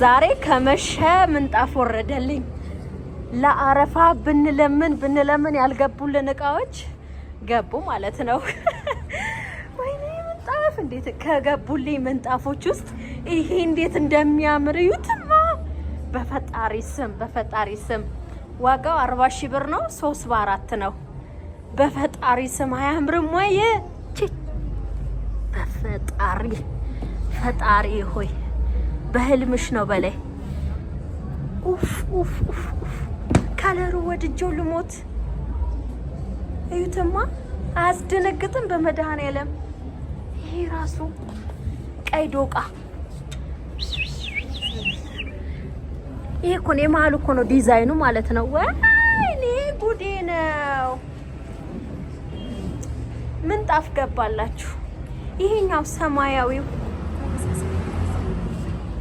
ዛሬ ከመሸ ምንጣፍ ወረደልኝ። ለአረፋ ብንለምን ብንለምን ያልገቡልን እቃዎች ገቡ ማለት ነው። ወይኔ ምንጣፍ እንዴት ከገቡልኝ ምንጣፎች ውስጥ ይሄ እንዴት እንደሚያምር እዩትማ! በፈጣሪ ስም በፈጣሪ ስም ዋጋው አርባ ሺህ ብር ነው። ሶስት በአራት ነው። በፈጣሪ ስም አያምርም ወይ? በፈጣሪ ፈጣሪ ሆይ በህልምሽ ነው በላይ ኡፍ ኡፍ ኡፍ ኡፍ ከለሩ ወድጄው ልሞት። እዩትማ አያስደነግጥም? በመድኃኔዓለም ይሄ ራሱ ቀይ ዶቃ ይሄ እኮ ነው የመሀሉ እኮ ነው ዲዛይኑ ማለት ነው። ወይኔ ጉዴ ነው። ምንጣፍ ገባላችሁ። ይሄኛው ሰማያዊው